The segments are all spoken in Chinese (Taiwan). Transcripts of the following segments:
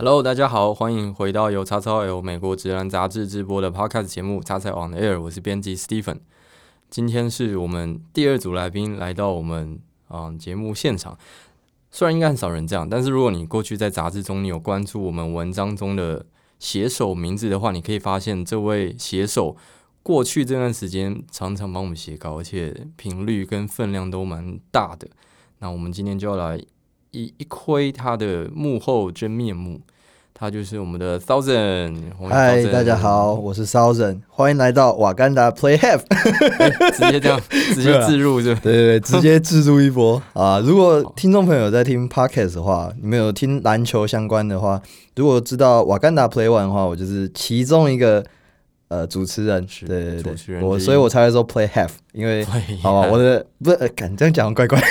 Hello，大家好，歡迎回到由 XXL 美國職籃雜誌製播的 Podcast 節目《XXL on Air》，我是編輯 Stephen。今天是我們第二組來賓來到我們啊、嗯、節目現場，雖然應該很少人這樣，但是如果你過去在雜誌中你有關注我們文章中的寫手名字的話，你可以發現這位寫手過去這段時間常常幫我們寫稿，而且頻率跟分量都蠻大的。那我們今天就要來一一窺他的幕後真面目。他就是我們的 Thousand。嗨，大家好，嗯、我是 Thousand，歡迎來到瓦甘達 play half。 欸、直接這樣，直接置入是不是？對，對對對，直接置入一波 啊！如果聽眾朋友在聽 podcast 的話，你們有聽籃球相關的話，如果知道瓦甘達 Play One 的話，我就是其中一個呃主持人，對對對，主持人，我所以，我才會說 play half，因為 好吧，我的不是，敢、呃、這樣講，怪怪，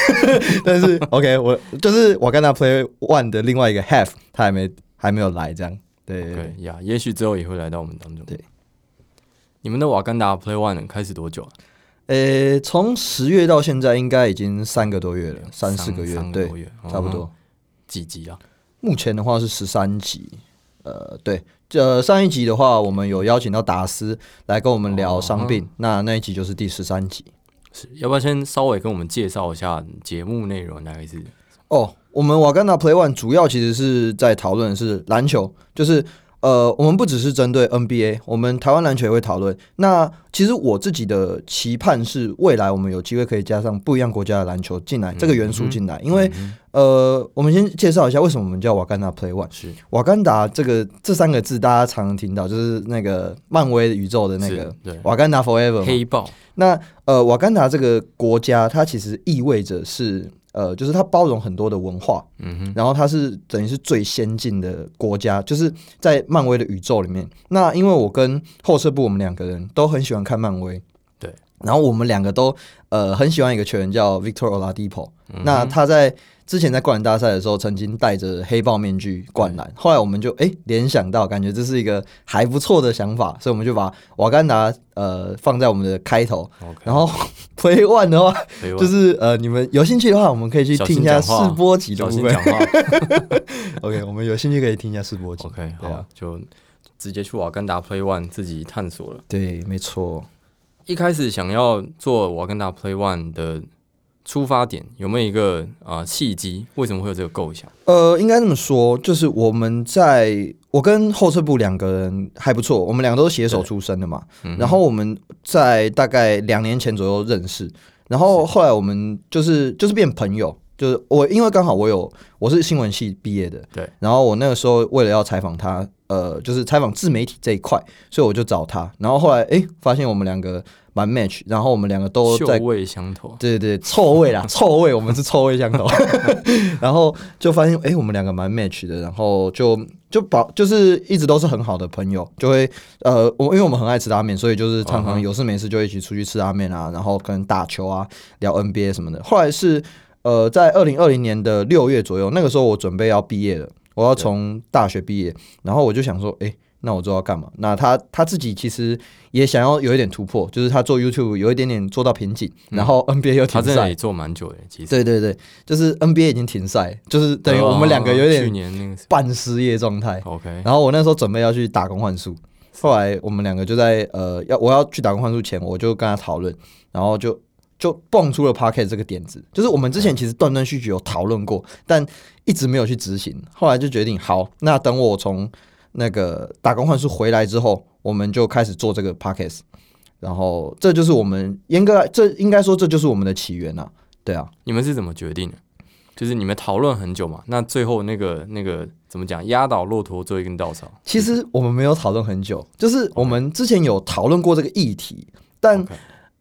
但是 OK，我就是瓦甘達 Play One 的另外一個 half，他還沒。還沒有來，這樣，對對呀，okay, yeah, 也許之後也會來到我們當中。對，你們的瓦甘達 Play One 開始多久啊？呃、欸，從十月到現在，應該已經三個多月了，三四個月，個多月，對，對嗯、哼差不多。幾集啊？目前的話是十三集。呃，對，這、呃、上一集的話，我們有邀請到達斯來跟我們聊傷病，嗯、哼那那一集就是第十三集。是要不要先稍微跟我們介紹一下節目內容？大概是哦。我們瓦甘達 Play One 主要其實是在討論是籃球，就是呃，我們不只是針對 NBA，我們台灣籃球也會討論。那其實我自己的期盼是，未來我們有機會可以加上不一樣國家的籃球進來，嗯、這個元素進來。嗯、哼因為、嗯、哼呃，我們先介紹一下為什麼我們叫瓦甘達 Play One。是瓦甘達這個這三個字大家常常聽到，就是那個漫威宇宙的那個對，瓦甘達 Forever 黑豹。暴那呃，瓦甘達這個國家，它其實意味着是，呃，就是它包容很多的文化，嗯哼，然後它是等於是最先進的國家，就是在漫威的宇宙裡面。那因為我跟後撤步我們兩個人都很喜歡看漫威。然後我們兩個都呃很喜歡一個球員叫 Victor Oladipo，嗯、哼那他在之前在灌籃大賽的時候曾經戴着黑豹面具灌籃，嗯、後來我們就哎聯想到感覺這是一個還不錯的想法，所以我們就把瓦甘達呃放在我們的開頭，Okay 然後 play one 的話 one 就是呃你們有興趣的話我們可以去聽一下試播集，小心講話 ，OK，我們有興趣可以聽一下試播集。o Okay , k、啊、好，就直接去瓦甘達 play one 自己探索了，對，沒錯。一開始想要做《瓦甘達 Play One》的出發點有沒有一個啊契機？為什麼會有這個構想？呃，應該這麼說，就是我們在我跟後撤步兩個人還不錯，我們兩個都是寫手出身的嘛。對然後我們在大概兩年前左右認識，對然後後來我們就是就是變成朋友，就是我因為剛好我有我是新聞系畢業的，對，然後我那個時候為了要採訪他。呃，就是採訪自媒體這一塊，所以我就找他。然後後來哎、欸，發現我們兩個蠻 match，然後我們兩個都在臭味相投，對，對對，臭味啦， 臭味，我們是臭味相投。 然後就發現哎、欸，我們兩個蠻 match 的，然後就就把，就是一直都是很好的朋友，就會呃，我因為我們很愛吃拉麵，所以就是常常有事沒事就一起出去吃拉面啊，然後可能打球啊，聊 NBA 什麼的。後來是呃，在二零二零年的六月左右，那個時候我準備要畢業了。我要從大學畢業，對然後我就想說，哎、欸，那我就要幹嘛？那他他自己其實也想要有一點突破，就是他做 YouTube 有一點點做到瓶頸，嗯、然後 NBA 又停賽，他做蠻久的，其實。對對對，就是 NBA 已經停賽，就是等於我們兩個有點半失業狀態。OK，oh, oh, oh, oh, oh, 然後我那時候準備要去打工換宿，後來我們兩個就在呃，要我要去打工換宿前，我就跟他討論，然後就。就蹦出了 podcast 這個點子，就是我們之前其實斷斷續續有討論過，但一直沒有去執行。後來就決定，好，那等我從那個打工換宿回來之後，我們就開始做這個 podcast。然後這就是我們嚴格這應該說這就是我們的起源啊。對啊，你們是怎麼決定的？就是你們討論很久嘛？那最後那個那個怎麼講？壓倒駱駝做一根稻草？嗯、其實我們沒有討論很久，就是我們之前有討論過這個議題，Okay. 但。Okay.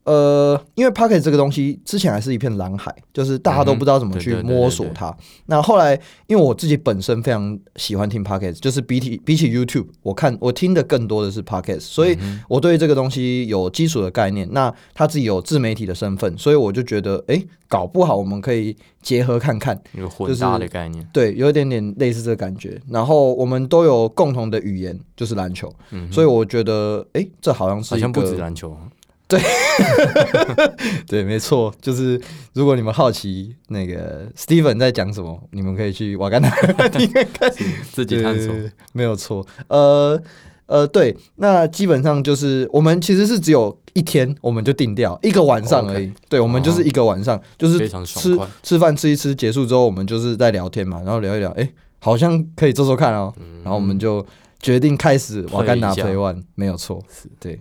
呃，因為 Podcast 這個東西之前還是一片藍海，就是大家都不知道怎麼去摸索它。那、嗯、後來，因為我自己本身非常喜歡聽 Podcast，就是比起比起 YouTube，我看我聽的更多的是 Podcast，所以我對這個東西有基礎的概念。那他自己有自媒體的身份，所以我就覺得，哎，搞不好我們可以結合看看，就是混搭的概念、就是，對，有一點點類似這個感覺。然後我們都有共同的語言，就是籃球，嗯、哼所以我覺得，哎，這好像是一個好像不止籃球。對， 對，沒錯，就是如果你們好奇那個 Steven 在講什麼，你們可以去瓦甘達聽一聽，自己探索。沒有錯，呃呃，對，那基本上就是我們其實是只有一天，我們就定掉一個晚上而已。Oh, okay. 對，我們就是一個晚上，uh huh. 就是吃吃飯吃一吃，結束之後我們就是在聊天嘛，然後聊一聊，哎、欸，好像可以做做看哦，嗯、然後我們就決定開始瓦甘達 Play One，沒有錯，是對。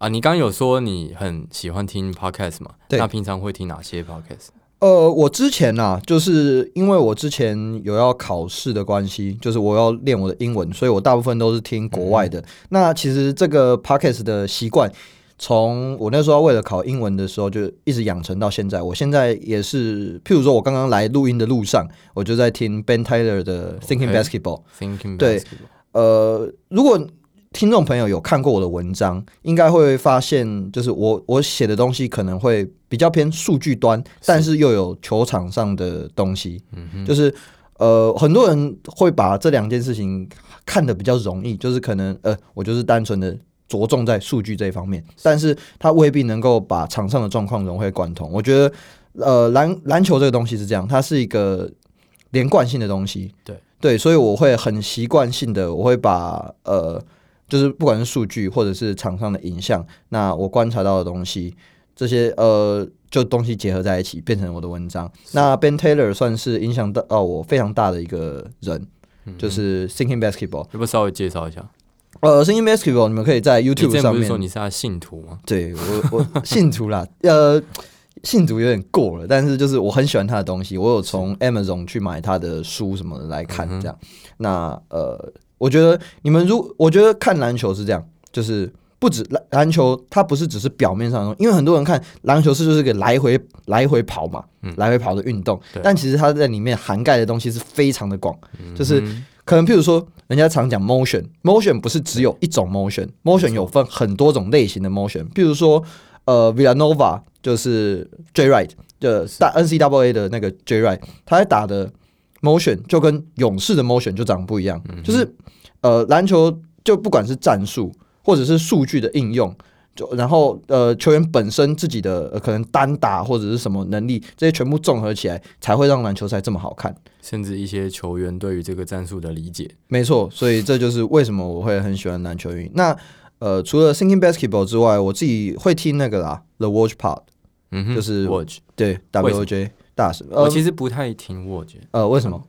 啊，你剛剛有說你很喜歡聽 podcast 嗎？對，那平常會聽哪些 podcast？呃，我之前吶、啊，就是因為我之前有要考試的關係，就是我要練我的英文，所以我大部分都是聽國外的。嗯、那其實這個 podcast 的習慣，從我那時候為了考英文的時候，就一直養成到現在。我現在也是，譬如說我剛剛來錄音的路上，我就在聽 Ben Tyler 的 Thinking Basketball。Okay, Thinking Basketball。對，呃，如果聽眾朋友有看過我的文章，應該會發現，就是我我寫的東西可能會比較偏數據端，是但是又有球場上的東西。嗯哼，就是呃，很多人會把這兩件事情看得比較容易，就是可能呃，我就是單純的着重在數據這一方面，是但是他未必能夠把場上的狀況融會貫通。我覺得呃，籃籃球這個東西是這樣，它是一個連貫性的東西。對對，所以我會很習慣性的，我會把呃。就是不管是數據或者是場上的影像，那我觀察到的東西，這些呃，就東西結合在一起，變成我的文章。是那 Ben Taylor 算是影響到我非常大的一個人，嗯、哼就是 Thinking Basketball，要不稍微介紹一下？呃，Thinking Basketball，你們可以在 YouTube 上面，你說你是他信徒嗎？對我，我信徒啦， 呃，信徒有點過了，但是就是我很喜歡他的東西，我有從 Amazon 去買他的書什麼的來看這樣。嗯、哼那呃。我覺得你們如，我覺得看籃球是這樣，就是不止籃籃球，它不是只是表面上的，因為很多人看籃球是就是個來回來回跑嘛，嗯、來回跑的運動。對哦，但其實它在裡面涵蓋的東西是非常的廣，嗯、哼就是可能譬如說，人家常講 motion，motion，嗯、哼不是只有一種 motion，motion 對 motion 有分很多種類型的 motion，錯譬如說，呃，Villanova 就是 Jay Wright 的大 NCAA 的那個 Jay Wright，是他在打的，Motion 就跟勇士的 Motion 就長得不一樣，嗯、哼就是呃籃球就不管是戰術或者是數據的應用，就然後呃球員本身自己的、呃、可能單打或者是什麼能力，這些全部綜合起來才會讓籃球賽這麼好看。甚至一些球員對於這個戰術的理解，沒錯，所以這就是為什麼我會很喜歡籃球運那呃除了 Thinking Basketball 之外，我自己會聽那個啦 The Watch p a r 嗯哼就是 Watch 對 Wait. W O J。我其實不太聽 Watch，呃，為什麼？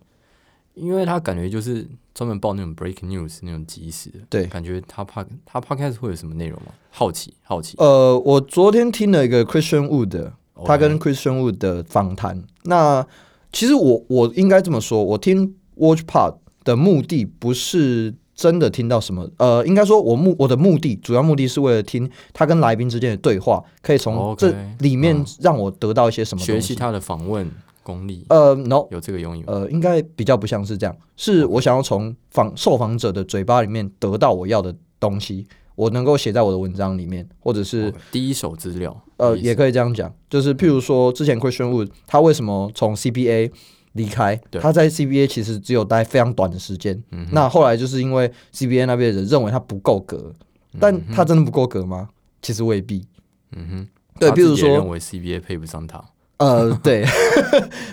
因為他感覺就是專門報那種 break news 那種即時的，對，感覺他怕他怕開始會有什麼內容嗎？好奇，好奇。呃，我昨天聽了一個 Christian Wood，他跟 Christian Wood 的訪談。Oh, yeah. 那其實我我應該這麼說，我聽 Watch Pod 的目的不是。真的聽到什麼？呃，應該說，我目我的目的，主要目的是為了聽他跟來賓之間的對話，可以從這裡面讓我得到一些什麼東西。okay，嗯，學習他的訪問功力。呃，no，有這個用意。呃，應該比較不像是這樣，是我想要從訪受訪者的嘴巴裡面得到我要的東西，我能夠寫在我的文章裡面，或者是 okay, 第一手資料。呃，意思。也可以這樣講，就是譬如說，之前 Christian Wood 他為什麼從 CBA？離開，對他在 CBA 其實只有待非常短的時間。嗯、哼那後來就是因為 CBA 那邊的人認為他不夠格，但他真的不夠格嗎？嗯、哼其實未必。嗯哼，對，比如說他認為 CBA 配不上他。 呃，對，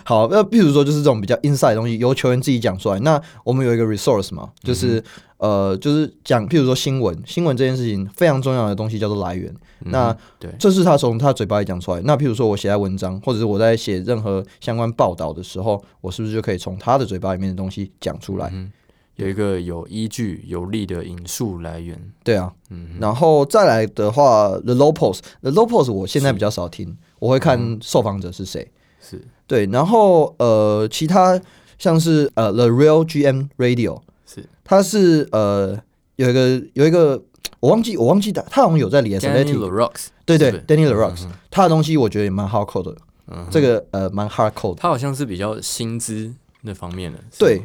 好，那譬如說就是這種比較 inside 的東西，由球員自己講出來。那我們有一個 resource 嘛，就是、嗯、呃，就是講譬如說新聞，新聞這件事情非常重要的東西叫做來源。嗯、那這是他從他嘴巴裡講出來。那譬如說，我寫在文章，或者是我在寫任何相關報道的時候，我是不是就可以從他的嘴巴裡面的東西講出來、嗯？有一個有依據、有力的引述來源，對啊。嗯哼，然後再來的話，the low post，the low post 我現在比較少聽。我會看受訪者是誰、嗯，是對，然後呃，其他像是呃，The Real GM Radio 是，它是呃有一個有一個我忘記我忘記的他好像有在裡面 Danny Leroux 對對，對吧，Danny Leroux，、嗯、哼他的東西我覺得也蠻 hardcore 的，嗯、哼這個呃蠻 hardcore 他好像是比較薪資那方面的，對，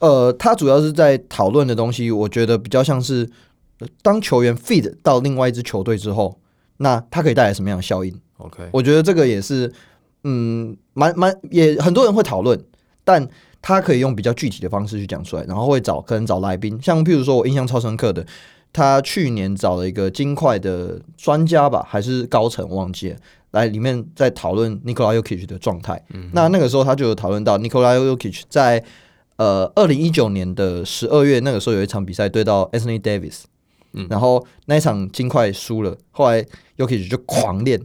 呃，他主要是在討論的東西，我覺得比較像是、呃、當球員 feed 到另外一支球隊之後。那它可以帶來什麼樣的效應？OK，我覺得這個也是，嗯，蠻蠻也很多人會討論，但他可以用比較具體的方式去講出來，然後會找可能找來賓，像譬如說我印象超深刻的，他去年找了一個金塊的專家吧，還是高層，忘記了，來裡面在討論 Nikola Jokić 的狀態。嗯、哼那那個時候他就有討論到 Nikola Jokić 在呃二零一九年的十二月那個時候有一場比賽對到 Anthony Davis。嗯、然後那一場金塊輸了，後來 Yuki 就狂練，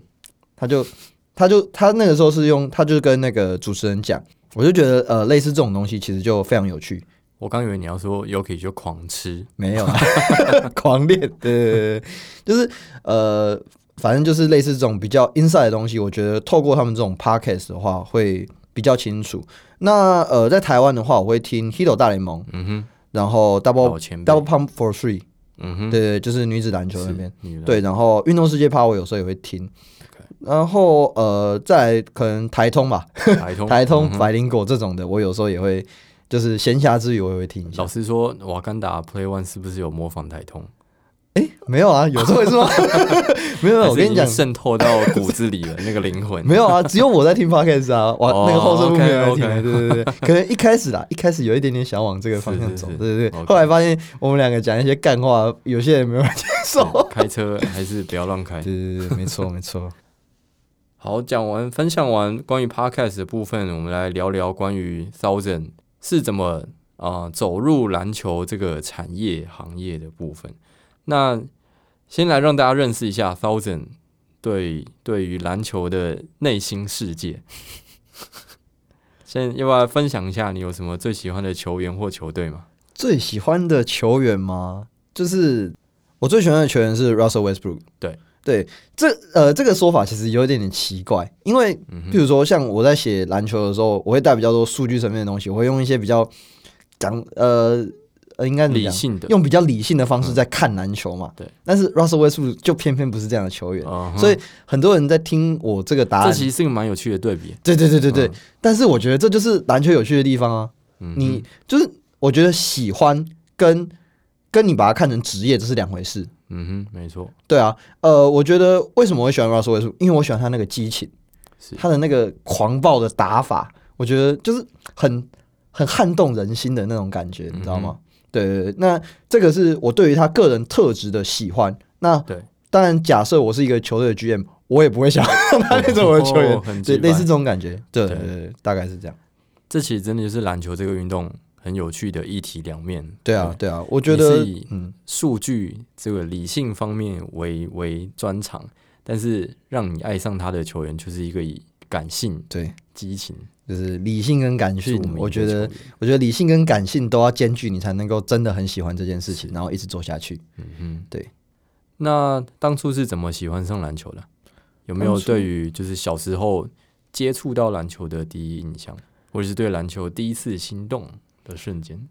他就，他就他那個時候是用，他就跟那個主持人講，我就覺得呃類似這種東西其實就非常有趣。我剛以為你要說 Yuki 就狂吃，沒有， 狂練的， 就是呃反正就是類似這種比較 inside 的東西，我覺得透過他們這種 podcast 的話會比較清楚。那呃在台灣的話，我會聽 Hito 大聯盟，嗯哼，然後 Double Double Pump for Three。嗯哼，對對，就是女子籃球那邊，對，然後運動視界趴我有時候也會聽，Okay. 然後呃，再可能台通吧，台通、 台通、百靈果這種的，我有時候也會，就是閒暇之餘我也會聽一下。老實說，瓦甘達 Play One 是不是有模仿台通？哎，沒有啊，有這回事嗎？沒有，我跟你講，滲透到骨子裡了， 那個靈魂沒有啊，只有我在聽 podcast 啊， 我那個後半部沒有聽啊，oh, okay, okay, 對對對，可能一開始啊， 一開始有一點點想往這個方向走，是是是對對對，okay, 後來發現我們兩個講一些幹話，有些人沒有辦法接受，開車還是不要亂開，對對對，沒錯沒錯。 好，講完分享完關於 podcast 的部分，我們來聊聊關於 Thousand 是怎麼啊、呃、走入籃球這個產業行業的部分。那先來讓大家認識一下 Thousand 對對於籃球的內心世界。 先要不要分享一下你有什麼最喜歡的球員或球隊嗎？最喜歡的球員嗎？就是我最喜歡的球員是 Russell Westbrook。對對，這呃這個說法其實有一點點奇怪，因為比如說像我在寫籃球的時候，我會帶比較多數據層面的東西，我會用一些比較講呃。呃，應該理性的用比較理性的方式在看籃球嘛。嗯、對。但是 Russell Westbrook 就偏偏不是這樣的球員，嗯、哼所以很多人在聽我這個答案，這其實是一個蠻有趣的對比。對，對對對對對。嗯、但是我覺得這就是籃球有趣的地方啊！嗯、哼你就是我覺得喜歡跟跟你把它看成職業這是兩回事。嗯哼，沒錯。對啊，呃，我覺得為什麼我喜歡 Russell Westbrook，因為我喜歡他那個激情，是他的那個狂暴的打法，我覺得就是很很撼動人心的那種感覺，嗯、哼你知道嗎？對對對，那這個是我對於他個人特質的喜歡。那對，當然假設我是一個球隊的 GM，我也不會想他那種的球員，對類似這種感覺，對對對，對大概是這樣。這其實真的就是籃球這個運動很有趣的一體兩面。對啊，對啊，我覺得是以數據這個理性方面為為專長，嗯、但是讓你愛上他的球員，就是一個以。感性對激情，就是理性跟感性。我覺得，我覺得理性跟感性都要兼具，你才能夠真的很喜歡這件事情，然後一直做下去。嗯哼，對。那當初是怎麼喜歡上籃球的？有沒有對於就是小時候接觸到籃球的第一印象，當初 或者是對籃球第一次心動的瞬間？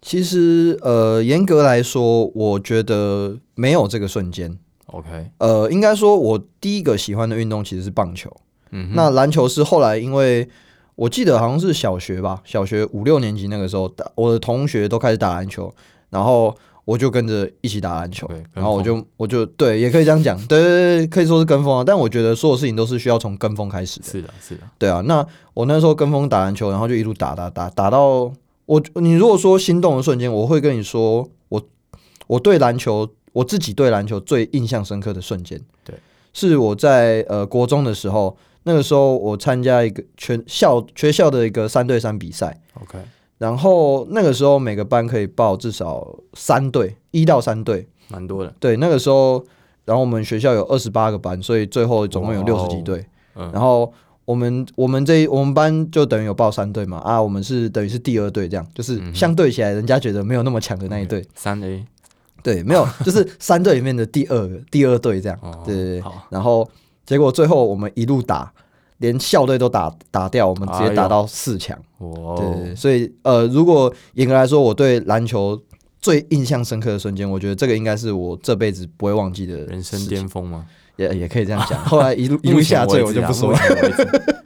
其實，呃，嚴格來說，我覺得沒有這個瞬間。OK，呃，應該說，我第一個喜歡的運動其實是棒球。嗯，那籃球是後來，因為我記得好像是小學吧，小學五六年級那個時候，我的同學都開始打籃球，然後我就跟着一起打籃球，okay, 然後我就我就對，也可以這樣講，對對對，可以說是跟風啊。但我覺得所有事情都是需要從跟風開始的，是的，是的，對啊。那我那時候跟風打籃球，然後就一路打打打打到我。你如果說心動的瞬間，我會跟你說，我我對籃球，我自己對籃球最印象深刻的瞬間，對，是我在呃國中的時候。那個時候我參加一個全校全校的一個三對三比賽，OK。然後那個時候每個班可以報至少三隊，一到三隊，蠻多的。對，那個時候，然後我們學校有二十八個班，所以最後總共有六十幾隊。Oh. 然後我們我們這我們班就等於有報三隊嘛啊，我們是等於是第二隊這樣，就是相對起來人家覺得沒有那麼強的那一隊三，okay. A，對，沒有， 就是三隊裡面的第二第二隊這樣，對對對，oh. 然後。結果最後我們一路打，連校隊都打打掉，我們直接打到四強。哎、呦對，對，對，哦、所以呃，如果嚴格來說，我對籃球最印象深刻的瞬間，我覺得這個應該是我這輩子不會忘記的人生巔峰嗎？也也可以這樣講。後來一路一路下，墜、啊，我就不說了。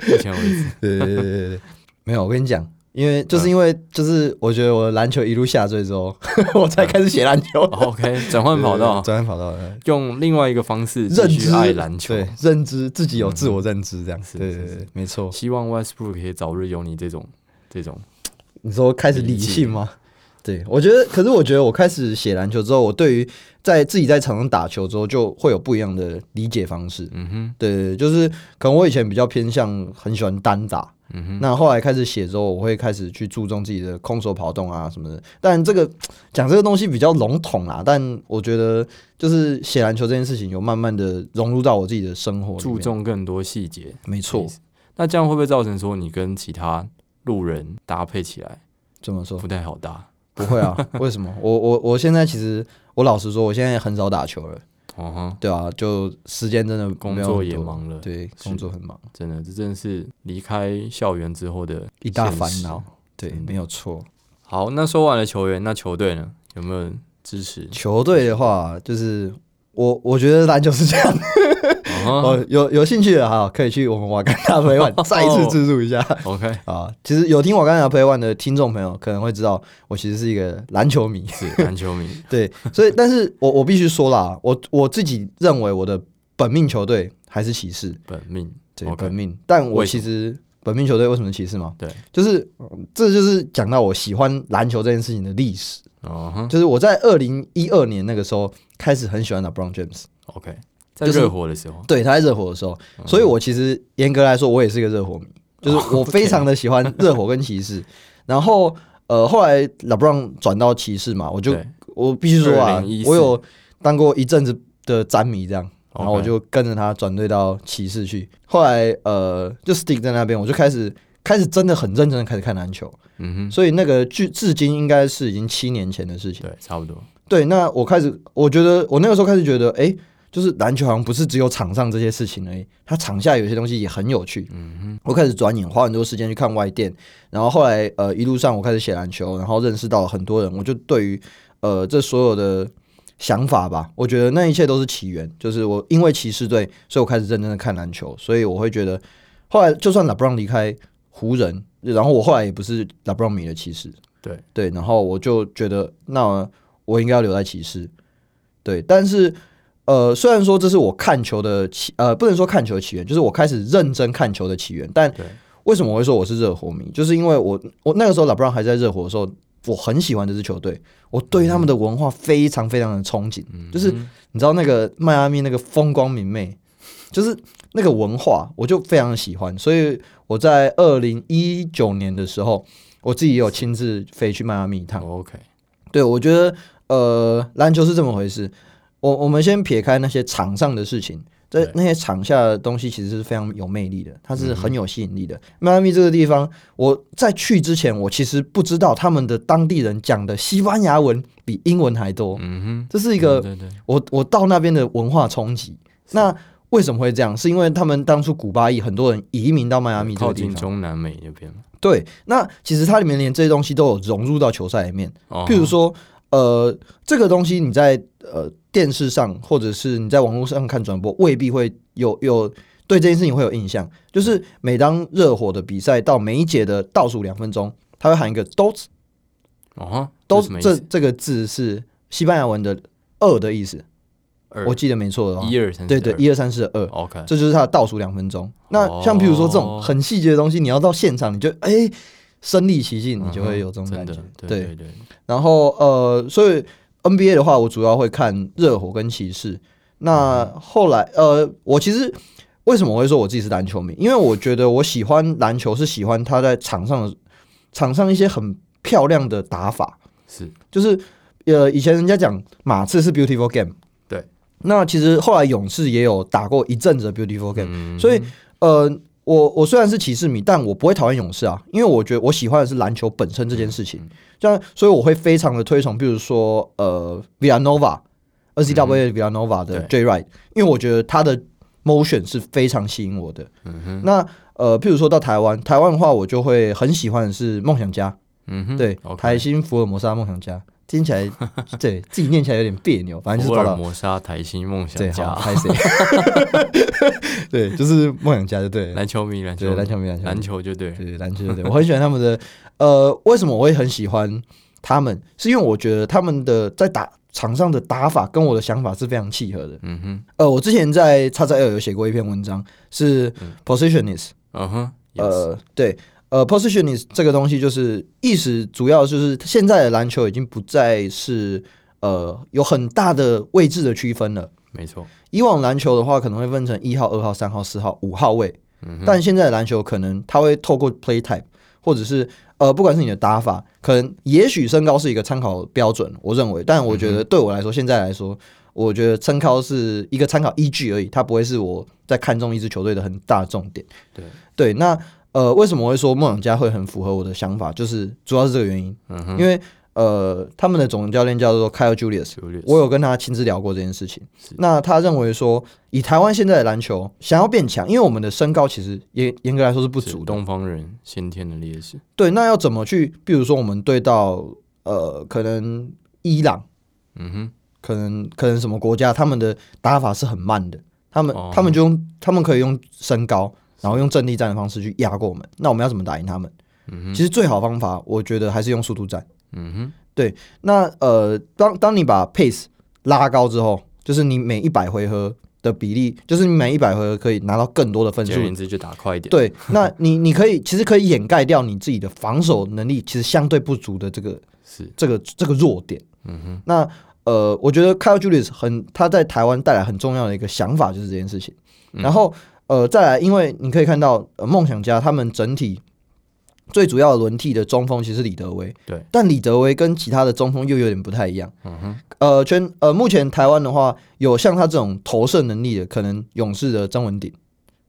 目前為止，對對對對對。沒有。我跟你講。因為就是因為就是我覺得我的籃球一路下墜之後， 我才開始寫籃球。OK，轉換跑道，轉換跑道，用另外一個方式愛認知籃球，對，認知自己有自我認知這樣子。對對、嗯、對，沒錯。希望 Westbrook、ok、可以早日有你這種這種，你說開始理性嗎？對我覺得，可是我覺得我開始寫籃球之後，我對於在自己在場上打球之後，就會有不一樣的理解方式。嗯哼，對，就是可能我以前比較偏向很喜歡單打。嗯哼，那後來開始寫之後，我會開始去注重自己的空手跑動啊什麼的。但這個講這個東西比較籠統啦，但我覺得就是寫籃球這件事情，有慢慢的融入到我自己的生活，注重更多細節。沒錯，那這樣會不會造成說你跟其他路人搭配起來這麼說不太好搭？不會啊，為什麼？我我我現在其實我老實說，我現在很少打球了。哦、uh huh, 對啊，就時間真的工作也忙了，對，是工作很忙，真的，這真的是離開校園之後的一大煩惱。對，的沒有錯。好，那說完了球員，那球隊呢？有沒有支持球隊的話，就是。我我覺得籃球是這樣的、uh，哦、huh. 有有興趣的哈，可以去我們瓦甘達 Play One 再次自助一下。Oh, OK，啊，其實有聽瓦甘達 Play One 的聽眾朋友可能會知道，我其實是一個籃球迷是，是籃球迷， 對，所以但是我我必須說啦， 我我自己認為我的本命球隊還是騎士，本命對，okay. 本命，但我其實。本命球隊為什麼騎士嗎？對，就是、嗯、這就是講到我喜歡籃球這件事情的歷史。哦、嗯哼，就是我在二零一二年那個時候開始很喜歡 LeBron James。OK，在熱火的時候，對，他在熱火的時候，所以，我其實嚴格來說，我也是一個熱火迷，嗯、哼就是我非常的喜歡熱火跟騎士。Oh, okay 然後，呃，後來 LeBron 轉到騎士嘛，我就對我必須說啊，我有當過一陣子的詹迷這樣。然後我就跟着他轉隊到騎士去，Okay 後來呃就 stick 在那邊，我就開始開始真的很認真的開始看籃球，嗯哼，所以那個距至今應該是已經七年前的事情，對，差不多，對。那我開始，我覺得我那個時候開始覺得，哎、欸，就是籃球好像不是只有場上這些事情而已，它場下有些東西也很有趣，嗯哼。我開始轉眼花很多時間去看外電，然後後來呃一路上我開始寫籃球，然後認識到了很多人，我就對於呃這所有的。想法吧，我覺得那一切都是起源，就是我因為騎士隊，所以我開始認真的看籃球，所以我會覺得，後來就算拉布朗離開湖人，然後我後來也不是拉布朗迷的騎士，對對，然後我就覺得那我應該要留在騎士，對，但是呃，雖然說這是我看球的起，呃，不能說看球的起源，就是我開始認真看球的起源，但為什麼我會說我是熱火迷，就是因為我我那個時候拉布朗還在熱火的時候。我很喜歡這支球隊，我對他們的文化非常非常的憧憬，嗯、就是你知道那個邁阿密那個風光明媚，就是那個文化，我就非常喜歡。所以我在二零一九年的時候，我自己也有親自飛去邁阿密一趟。OK，是對，我覺得呃，籃球是這麼回事，我我們先撇開那些場上的事情。在那些場下的東西其實是非常有魅力的，它是很有吸引力的。嗯、邁阿密這個地方，我在去之前，我其實不知道他們的當地人講的西班牙文比英文還多。嗯哼，這是一個我、嗯、對對，我我到那邊的文化衝擊。是那為什麼會這樣？是因為他們當初古巴裔很多人移民到邁阿密這個地方，靠近中南美那邊。對，那其實它裡面連這些東西都有融入到球賽裡面。哦、吼譬如說，呃，這個東西你在呃。電視上，或者是你在網絡上看轉播，未必會有有對這件事情會有印象。就是每當熱火的比賽到每一節的倒數兩分鐘，他會喊一個 “dos”。啊、哦，都這這，這個字是西班牙文的“二”的意思，二我記得沒錯的話，一二三，對對，一二三四二，OK，這就是他的倒數兩分鐘。那像比如說這種很細節的東西，你要到現場，你就哎、欸、身歷其境，你就會有這種感覺。嗯、對對，對，對，對，然後呃，所以。NBA 的話，我主要會看熱火跟騎士。那後來，呃，我其實為什麼我會說我自己是籃球迷？因為我覺得我喜歡籃球，是喜歡他在場上的場上一些很漂亮的打法。是，就是，呃，以前人家講馬刺是 beautiful game，對。那其實後來勇士也有打過一陣子 beautiful game，嗯，所以，呃。我我雖然是騎士迷，但我不會討厭勇士啊，因為我覺得我喜歡的是籃球本身這件事情。嗯、這樣，所以我會非常的推崇，比如說呃，Villanova，N C、嗯、W A Villanova 的 Jay Wright，對因為我覺得他的 Motion 是非常吸引我的。嗯哼。那呃，譬如說到台灣，台灣的話我就會很喜歡的是夢想家。嗯哼。對，Okay. 台新福爾摩沙夢想家。聽起來，對自己念起來有點別扭，反正就是。福爾摩沙台新夢想家。對， 對，就是夢想家就對。籃球迷，籃籃球迷，籃球，對籃球，籃球就對，對籃球就對。 我很喜歡他們的，呃，為什麼我會很喜歡他們？是因為我覺得他們的在打場上的打法跟我的想法是非常契合的。嗯哼。呃，我之前在 XXL 有寫過一篇文章，是 Positionless，嗯。嗯、uh、哼。Huh, yes. 呃，對。呃，Positionless 這個東西，就是意思主要就是現在的籃球已經不再是呃有很大的位置的區分了。沒錯錯，以往籃球的話可能會分成一號、二號、三號、四號、五號位，嗯、哼但現在籃球可能它會透過 play type 或者是呃，不管是你的打法，可能也許身高是一個參考標準。我認為，但我覺得對我來說，嗯、哼現在來說，我覺得身高是一個參考依據而已，它不會是我在看中一支球隊的很大的重點。對對，那。呃，為什麼我會說夢想家會很符合我的想法？就是主要是這個原因，嗯、哼因為呃，他們的總教練叫做 Kyle Julius，Julius 我有跟他親自聊過這件事情。是那他認為說，以台灣現在的籃球想要變強，因為我們的身高其實嚴嚴格來說是不足，東方人先天的劣勢。對，那要怎麼去？比如說我們對到呃，可能伊朗，嗯哼，可能可能什麼國家，他們的打法是很慢的，他們、哦、他們就用他們可以用身高，然後用陣地戰的方式去壓過我們，那我們要怎麼打贏他們？嗯、哼其實最好的方法，我覺得還是用速度戰。嗯、哼對，那呃，當當你把 pace 拉高之後，就是你每一百回合的比例，就是你每一百回合可以拿到更多的分數，就打快一點。對，那你你可以其實可以掩蓋掉你自己的防守能力 其實相對不足的這個是這個這個弱點。嗯哼，那呃，我覺得 Kyle Julius 很他在台灣帶來很重要的一個想法就是這件事情，嗯、哼然後。呃，再來，因為你可以看到，呃，夢想家他們整體最主要的輪替的中鋒其實是李德威，對，但李德威跟其他的中鋒又有點不太一樣，嗯哼，呃，全呃，目前台灣的話有像他這種投射能力的，可能勇士的曾文鼎，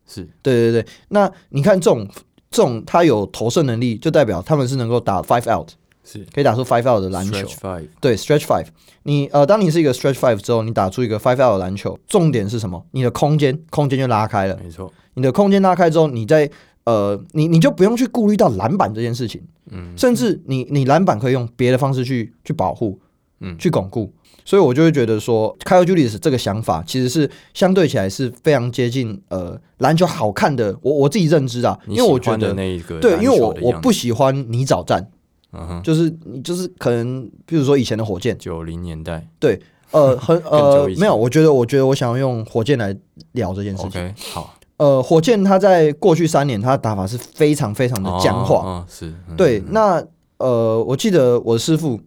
是，對對對，那你看這種這種他有投射能力，就代表他們是能夠打 five out。是可以打出 five out 的籃球，對 stretch five，, 對 stretch five 你，呃，當你是一個 stretch five 之後，你打出一個 five out 的籃球，重點是什麼？你的空間，空間就拉開了，沒錯錯。你的空間拉開之後，你在呃，你你就不用去顧慮到籃板這件事情，嗯，甚至你你籃板可以用別的方式去去保護，嗯，去鞏固。所以我就會覺得說，Kyle Julius 這個想法，其實是相對起來是非常接近呃籃球好看的。我我自己認知啊，你的那個的因為我覺得對，因為我我不喜歡泥沼戰。嗯哼，就是你就是可能，比如說以前的火箭，九零年代，對，呃，很呃， 沒有，我覺得，我覺得，我想要用火箭來聊這件事情。Okay, 好，呃，火箭他在過去三年，他的打法是非常非常的僵化，哦哦、是。嗯、對，嗯、那呃，我記得我師傅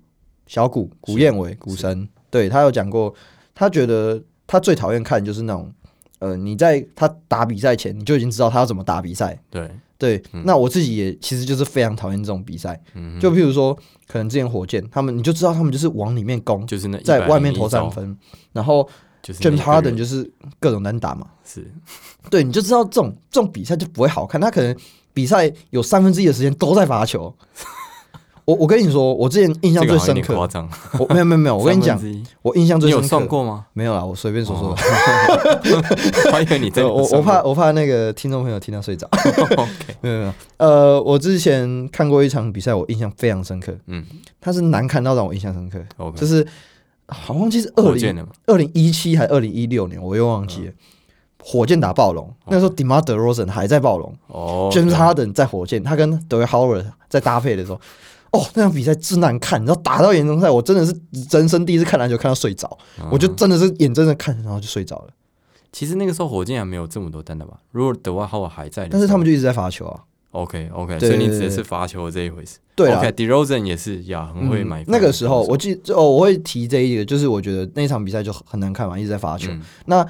小古古硯偉古是神，是對他有講過，他覺得他最討厭看就是那種，呃，你在他打比賽前你就已經知道他要怎麼打比賽，對。對，那我自己也其實就是非常討厭這種比賽，嗯、哼就譬如說，可能之前火箭他們，你就知道他們就是往裡面攻，就是那 100, 在外面投三分，000, 然後就是 Harden 就是各種單打嘛，是對，你就知道這種這種比賽就不會好看，他可能比賽有三分之一的時間都在罰球。我我跟你說，我之前印象最深刻。我沒有沒有沒有，我跟你講，我印象最深刻。你有算過嗎？沒有啊，我隨便說說。你這我我怕我怕那個聽眾朋友聽到睡着。沒有呃，我之前看過一場比賽，我印象非常深刻。嗯，他是難看到讓我印象深刻，就是好像其實二零二零一七還是二零一六年，我又忘記了。火箭打暴龍，那時候 Demar DeRozan 還在暴龍 James Harden 在火箭，他跟 Devin Howard 在搭配的時候。哦，oh, 那場比賽真難看，你知道打到延長賽，我真的是人生第一次看籃球看到睡着，uh huh. 我就真的是眼睜睜看著，然後就睡着了。其實那個時候火箭還沒有這麼多單的吧？如果德好，我還在，但是他們就一直在罰球啊。OK OK，對對對，所以你指的是罰球這一回事。對、啊、o k、okay, DeRozan 也是呀，很會買、嗯。那個時候我記，候我記哦，我會提這一個，就是我覺得那場比賽就很難看嘛，一直在罰球。嗯、那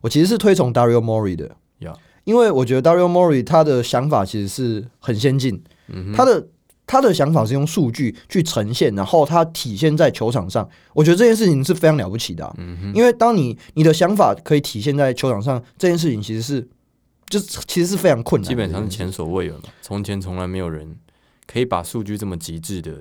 我其實是推崇 Dario Morey 的呀，Yeah. 因為我覺得 Dario Morey 他的想法其實是很先進，嗯、哼他的。他的想法是用數據去呈現，然後他體現在球場上。我覺得這件事情是非常了不起的啊，嗯哼，因為當你你的想法可以體現在球場上，這件事情其實是，就是其實是非常困難的，基本上是前所未有的。從前從來沒有人可以把數據這麼極致的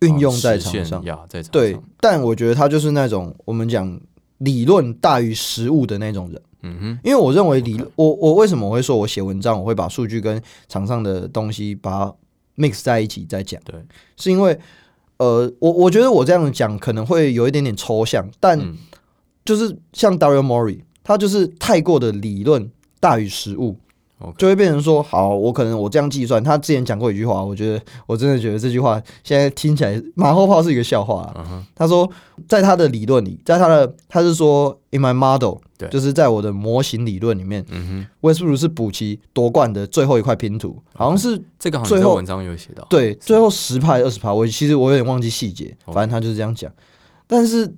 運用在場上，場上對。但我覺得他就是那種我們講理論大於實務的那種人，嗯哼。因為我認為理 Okay. 我我為什麼我會說我寫文章，我會把數據跟場上的東西把它。mix 在一起在講，對，是因為，呃，我我覺得我這樣講可能會有一點點抽象，但就是像 Daryl Morey，他就是太過的理論大於實務。Okay. 就會變成說，好，我可能我這樣計算。他之前講過一句話，我覺得我真的覺得這句話現在聽起來馬後炮是一個笑話啊。Uh huh. 他說，在他的理論裡，在他的他是說，in my model，對就是在我的模型理論裡面，uh huh. 我也是不是補齊奪冠的最後一塊拼圖？Uh huh. 好像是這個最後文章有寫到，對，最後十趴二十趴，我其實我有點忘記細節，uh huh. 反正他就是這樣講。但是，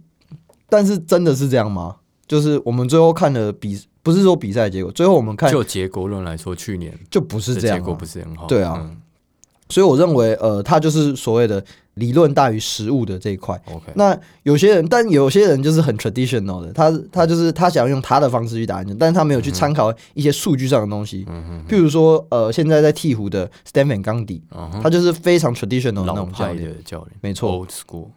但是真的是這樣嗎？就是我們最後看的比。不是說比賽結果，最後我們看就結果論來說，去年就不是這樣，結果不是很好。對啊，所以我認為，呃，他就是所謂的理論大於實務的這一塊。OK，那有些人，但有些人就是很 traditional 的，他他就是他想要用他的方式去打球，但是他沒有去參考一些數據上的東西。譬如說，呃，現在在鵜鶘的 Stan Van Gundy，他就是非常 traditional 的那種教練，教練沒錯，old school。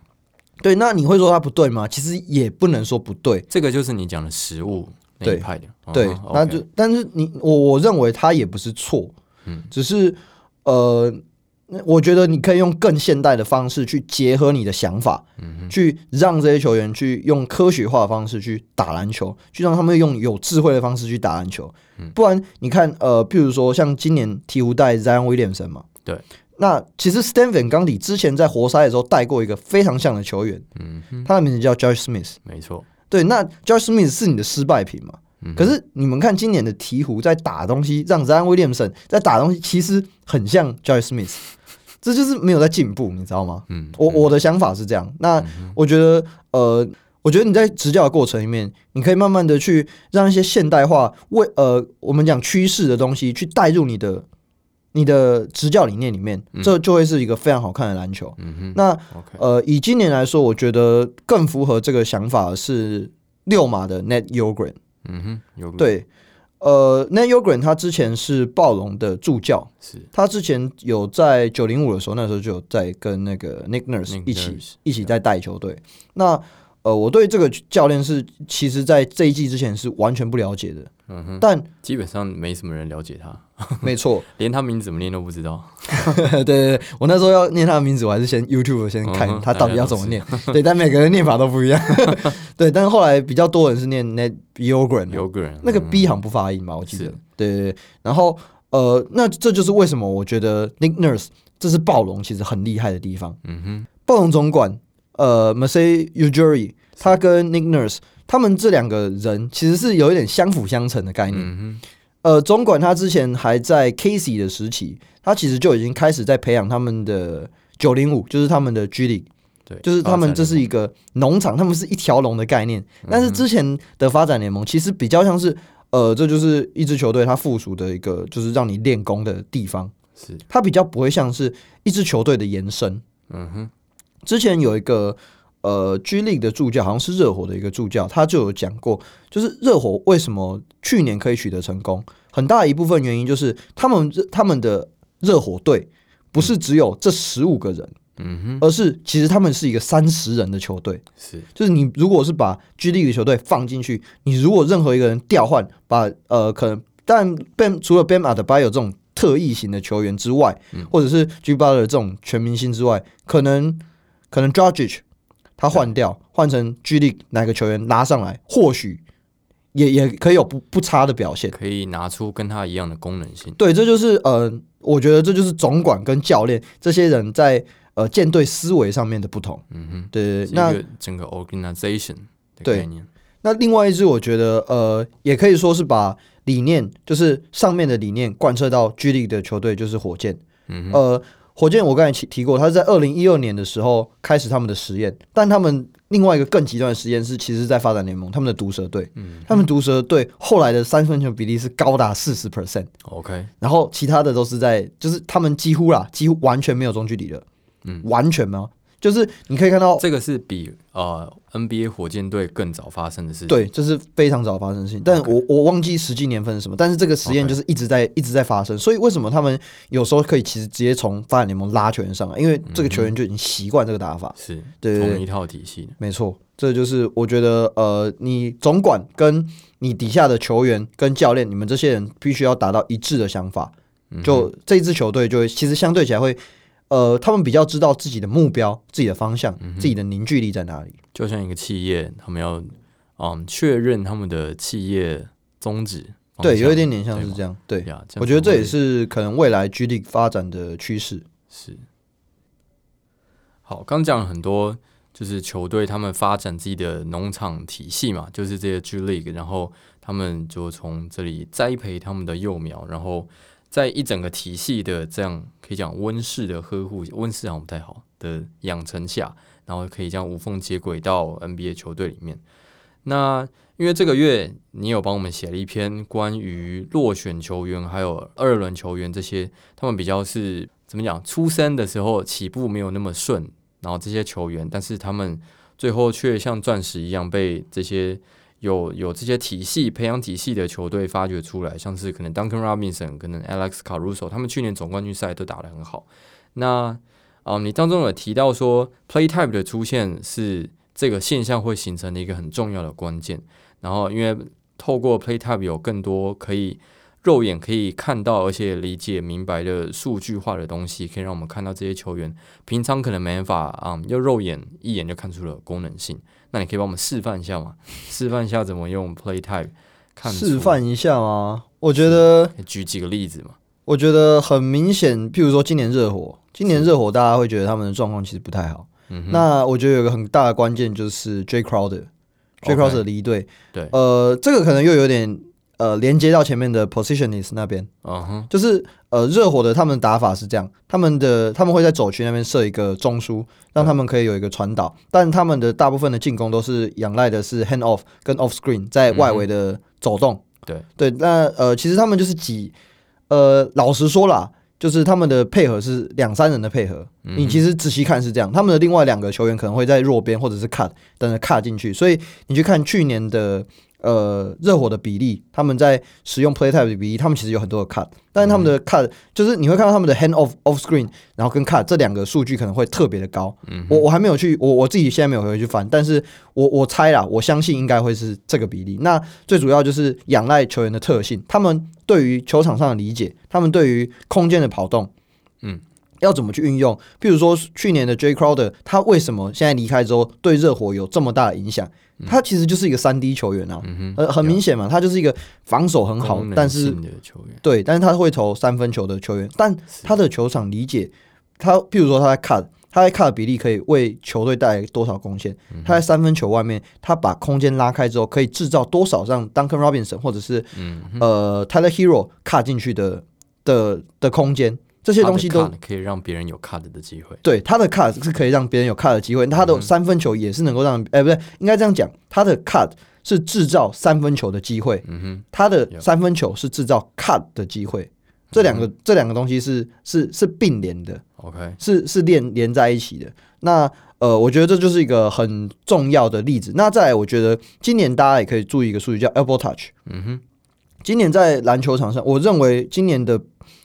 對，那你會說他不對嗎？其實也不能說不對，這個就是你講的實務。對，對，那就 Okay. 但是你我我認為他也不是錯，嗯，只是呃，我覺得你可以用更現代的方式去結合你的想法，嗯哼，去讓這些球員去用科學化的方式去打籃球，嗯、去讓他們用有智慧的方式去打籃球。嗯、不然你看，呃，比如說像今年鵜鶘帶 Zion Williamson 嘛，對，那其實 Stan Van Gundy 之前在活塞的時候帶過一個非常像的球員，嗯哼，他的名字叫 Josh Smith，沒錯。對，那 Josh Smith 是你的失敗品嘛？嗯、哼可是你們看今年的鵜鶘在打東西，讓 Zion Williamson 在打東西，其實很像 Josh Smith，這就是沒有在進步，你知道嗎？嗯，嗯，我我的想法是這樣。那我覺得，嗯、哼呃，我覺得你在執教的過程裡面，你可以慢慢的去讓一些現代化、為呃我們講趨勢的東西，去帶入你的。你的執教理念裡面，嗯、這就會是一個非常好看的籃球。嗯、哼那 Okay. 呃，以今年來說，我覺得更符合這個想法是溜馬的 Nate Bjorkgren，對，Nate Bjorkgren 他之前是暴龍的助教，是他之前有在九零五的時候，那時候就有在跟那個 Nick Nurse 一起 Nick Nurse, 一起在帶球隊。Yeah. 那呃，我對這個教練是，其實，在這一季之前是完全不了解的。嗯、哼但基本上沒什麼人了解他。沒錯錯，連他名字怎麼念都不知道。 對對對，我那時候要念他的名字，我還是先 YouTube 先看他到底要怎麼念。嗯哎、對，但每個人念法都不一樣。 對，但後來比較多人是念 Nate Bjorkgren，Bjorkgren 那個 B 行不發音嘛，是我記得。對對對，然後呃，那這就是為什麼我覺得 Nick Nurse 這是暴龍其實很厲害的地方。嗯哼，暴龍總管呃 Masai Ujiri 他跟 Nick Nurse，他們這兩個人其實是有一點相輔相成的概念。嗯、哼呃，總管他之前還在 Casey 的時期，他其實就已經開始在培養他們的九零五，就是他們的 G d g 對，就是他們這是一個農場，他們是一條龍的概念。但是之前的發展聯盟其實比較像是，呃，這就是一支球隊它附屬的一個，就是讓你練功的地方，是它比較不會像是一支球隊的延伸。嗯哼，之前有一個。呃，G League 的助教好像是熱火的一個助教，他就有講過，就是熱火為什麼去年可以取得成功，很大一部分原因就是他們他們的熱火隊不是只有這十五個人，嗯、哼而是其實他們是一個三十人的球隊，是，就是你如果是把 G League 的球隊放進去，你如果任何一個人調換，把呃可能但 Bam 除了 Bam Adebayo 這種特異型的球員之外，嗯、或者是 G 巴的這種全明星之外，可能可能 Judge。他換掉，換對成 G League 哪個球員拉上來，或許也也可以有不不差的表現，可以拿出跟他一樣的功能性。對，這就是呃，我覺得這就是總管跟教練這些人在呃建隊思維上面的不同。嗯哼，對那一個整個 organization 的概念那對。那另外一支，我覺得呃，也可以說是把理念，就是上面的理念貫徹到 G League 的球隊，就是火箭。嗯哼。呃火箭，我剛才提過，他是在二零一二年的時候開始他們的實驗，但他們另外一個更極端的實驗是，其實在發展聯盟，他們的毒蛇隊、嗯，嗯，他們毒蛇隊後來的三分球比例是高達四十 percent，OK，然後其他的都是在，就是他們幾乎啦，幾乎完全沒有中距離的，嗯，完全沒有。就是你可以看到，這個是比呃 NBA 火箭隊更早發生的事情。對，這、就是非常早發生的事情，但我 Okay. 我忘記實際年份是什麼。但是這個實驗就是一直在 Okay. 一直在發生，所以為什麼他們有時候可以其實直接從發展聯盟拉球員上來？因為這個球員就已經習慣這個打法，是、嗯、哼對同一套體系。沒錯，這就是我覺得呃，你總管跟你底下的球員跟教練，你們這些人必須要達到一致的想法，就、嗯、哼這一支球隊就會其實相對起來會。呃，他們比較知道自己的目標、自己的方向、嗯、哼自己的凝聚力在哪裡。就像一個企業，他們要嗯確認他們的企業宗旨。對，有一點點像是這樣。對，嗎對，yeah, 我覺得這也是可能未來 G League 發展的趨勢。是。好，剛講了很多就是球隊他們發展自己的農場體系嘛，就是這些 G League，然後他們就從這裡栽培他們的幼苗，然後。在一整個體系的這樣可以講溫室的呵護，溫室好像不太好的養成下，然後可以將無縫接軌到 NBA 球隊裡面。那因為這個月你有幫我們寫了一篇關於落選球員還有二輪球員這些，他們比較是怎麼講？出生的時候起步沒有那麼順，然後這些球員，但是他們最後卻像鑽石一樣被這些。有有這些體系培養體系的球隊發掘出來，像是可能 Duncan Robinson 跟可能 Alex Caruso，他們去年總冠軍賽都打得很好。那啊、嗯，你當中有提到說 Play Type 的出現是這個現象會形成的一個很重要的關鍵，然後因為透過 Play Type 有更多可以。肉眼可以看到，而且理解明白的數據化的東西，可以讓我們看到這些球員平常可能沒辦法啊，用、嗯、肉眼一眼就看出了功能性。那你可以幫我們示範一下嗎？ 示範一下怎麼用 Play Type 看？示範一下嗎？我覺得、嗯、舉幾個例子嘛。我覺得很明顯，譬如說今年熱火，今年熱火大家會覺得他們的狀況其實不太好。嗯是。那我覺得有一個很大的關鍵就是 Jae Crowder，Jae Crowder 離隊。對。呃，這個可能又有點。呃，連接到前面的 positionless 那邊，就是呃，熱火的他們打法是這樣，他們的他們會在走區那邊設一個中樞，讓他們可以有一個傳導，對但他們的大部分的進攻都是仰賴的是 hand off 跟 off screen 在外圍的走動。嗯、哼對對，那呃，其實他們就是幾呃，老實說啦，就是他們的配合是兩三人的配合。嗯、哼你其實仔細看是這樣，他們的另外兩個球員可能會在弱邊或者是 cut，等着 cut 進去。所以你去看去年的。呃，熱火的比例，他們在使用 play type 的比例，他們其實有很多的 cut，但是他們的 cut、嗯、哼就是你會看到他們的 hand off off screen，然後跟 cut 這兩個數據可能會特別的高。嗯哼，我我還沒有去，我我自己現在沒有回去翻，但是我我猜啦，我相信應該會是這個比例。那最主要就是仰賴球員的特性，他們對於球場上的理解，他們對於空間的跑動，嗯，要怎麼去運用？比如說去年的 Jae Crowder，他為什麼現在離開之後對熱火有這麼大的影響？他其實就是一個 3D 球員啊，嗯、哼呃，很明顯嘛，有他就是一個防守很好，但是對，但是他會投三分球的球員，但他的球場理解，他比如說他在 cut，他在 cut 的比例可以為球隊帶來多少貢獻？嗯、哼他在三分球外面，他把空間拉開之後，可以制造多少讓 Duncan Robinson 或者是、嗯、哼呃 Tyler Herro 卡進去的的的空間？這些東西都可以讓別人有 cut 的機會。對，他的 cut 是可以讓別人有 cut 的機會，他的三分球也是能夠讓，哎、嗯哼欸，不對，應該這樣講，他的 cut 是制造三分球的機會。嗯哼，他的三分球是制造 cut 的機會，嗯、哼這兩個，這兩個東西是是是併聯的。OK，、嗯、哼是是連連在一起的。那呃，我覺得這就是一個很重要的例子。那再來，我覺得今年大家也可以注意一個數據，叫 elbow touch。嗯哼，今年在籃球場上，我認為今年的。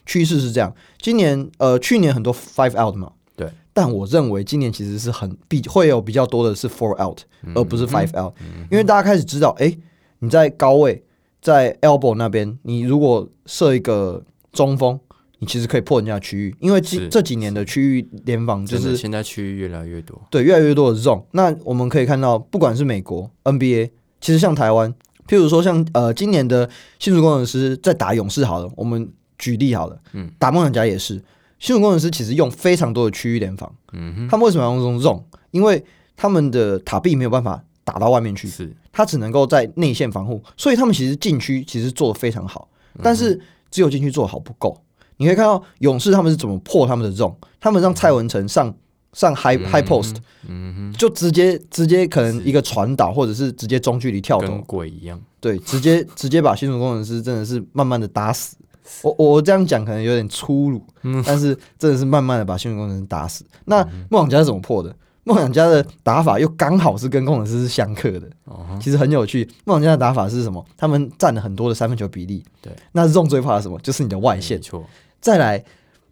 趨勢是這樣，今年呃，去年很多 five out 嘛，對，但我認為今年其實是很比會有比較多的是 four out，、嗯、而不是 five out，、嗯嗯、因為大家開始知道，哎、欸，你在高位在 elbow 那邊，你如果設一個中鋒，你其實可以破人家區域，因為這這幾年的區域聯防就是現在區域越來越多，對，越來越多的 zone。那我們可以看到，不管是美國 NBA，其實像台灣，譬如說像呃今年的新竹攻城獅在打勇士，好了，我們。舉例好了，嗯，打夢想家也是，新竹攻城獅其實用非常多的區域聯防，嗯哼，他們為什麼要用這種 zone？因為他們的塔壁沒有辦法打到外面去，是，他只能夠在內線防護，所以他們其實禁區其實做的非常好，但是只有禁區做得好不夠，嗯、哼你可以看到勇士他們是怎麼破他們的 zone，他們讓蔡文誠上上 high high post，嗯哼，就直接直接可能一個傳導，是或者是直接中距離跳投，跟鬼一樣，對，直接直接把新竹攻城獅真的是慢慢的打死。我我這樣講可能有點粗魯，嗯、但是真的是慢慢的把訓練工程師打死。嗯、哼那夢想家是怎麼破的？夢想家的打法又剛好是跟工程師是相克的。哦、嗯哼，其實很有趣。夢想家的打法是什麼？他們佔了很多的三分球比例。對，那 zone 最怕什麼？就是你的外線。錯、嗯。沒再來，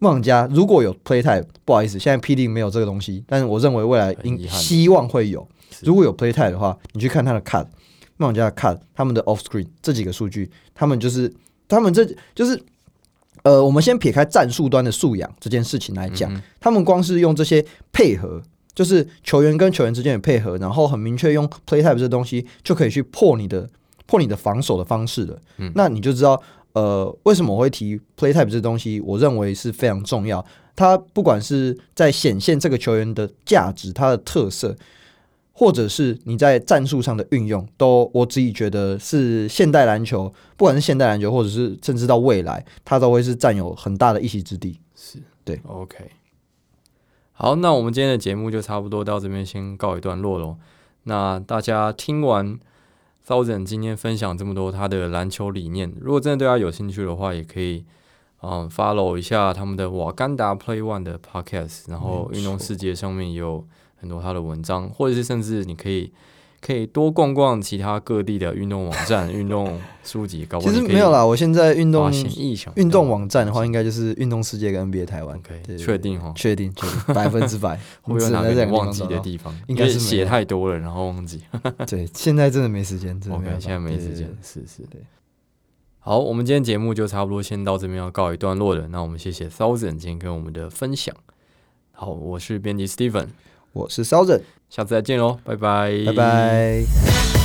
夢想家如果有 play type，不好意思，現在 PD 沒有這個東西。但是我認為未來應希望會有。是如果有 play type 的話，你去看他的 cut，夢想家的 cut，他們的 off screen 這幾個數據，他們就是。他們這就是，呃，我們先撇開戰術端的素養這件事情來講，嗯嗯。他們光是用這些配合，就是球員跟球員之間的配合，然後很明確用 play type 這東西就可以去破你的破你的防守的方式了。嗯。那你就知道，呃，為什麼我會提 play type 這東西？我認為是非常重要。它，不管是在顯現這個球員的價值，它的特色。或者是你在戰術上的運用，都我自己覺得是現代籃球，不管是現代籃球，或者是甚至到未來，它都會是占有很大的一席之地。是對，OK。好，那我們今天的節目就差不多到這邊先告一段落嘍。那大家聽完 Thousand 今天分享這麼多他的籃球理念，如果真的對他有興趣的話，也可以嗯 follow 一下他們的瓦甘達 Play One 的 Podcast，然後運動視界上面有很多他的文章，或者是甚至你可以可以多逛逛其他各地的運動網站、運動書籍。其實沒有啦，我現在運動運動網站的話，應該就是運動視界跟 NBA 台灣。可以確定哈，確定，百分之百。我有哪個忘記的地方？應該是寫太多了，然後忘記。對，現在真的沒時間，真的 OK，現在沒時間。是是對。好，我們今天節目就差不多先到這邊要告一段落了。那我們謝謝 Thousand 今天跟我們的分享。好，我是編輯 Steven。我是騷人，下次再見嘍，拜拜，拜拜。